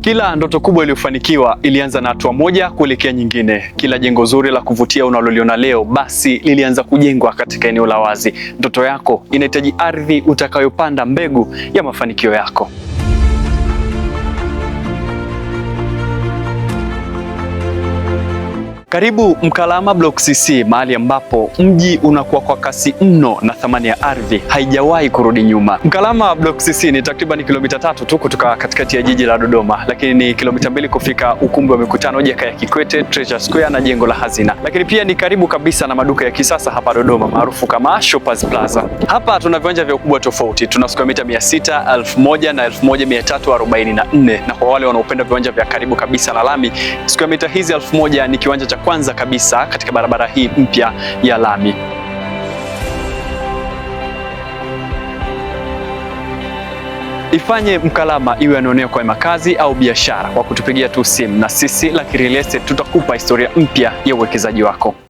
Kila ndoto kubwa iliyofanikiwa ilianza na hatua moja kuelekea nyingine. Kila jengo zuri la kuvutia unaloliona leo, basi lilianza kujengwa katika eneo la wazi. Ndoto yako inahitaji ardhi utakayopanda mbegu ya mafanikio yako. Karibu Mkalama Block CC, mahali ambapo mji unakuwa kwa kasi mno na thamani ya ardhi haijawahi kurudi nyuma. Mkalama Block CC ni takriban kilomita tatu tu kutoka katikati ya jiji la Dodoma, lakini ni kilomita mbili kufika ukumbi wa mikutano Jakaya Kikwete, Treasure Square na jengo la hazina, lakini pia ni karibu kabisa na maduka ya kisasa hapa Dodoma maarufu kama Shoppers Plaza. Hapa tuna viwanja vya ukubwa tofauti, tuna square mita 600, 1000 na 1344, na kwa wale wanaopenda viwanja vya karibu kabisa na lami, square mita hizi 1000 ni kiwanja cha kwanza kabisa katika barabara hii mpya ya lami. Ifanye Mkalama iwe anaonea kwa makazi au biashara, kwa kutupigia tu simu, na sisi Lucky Real Estate tutakupa historia mpya ya uwekezaji wako.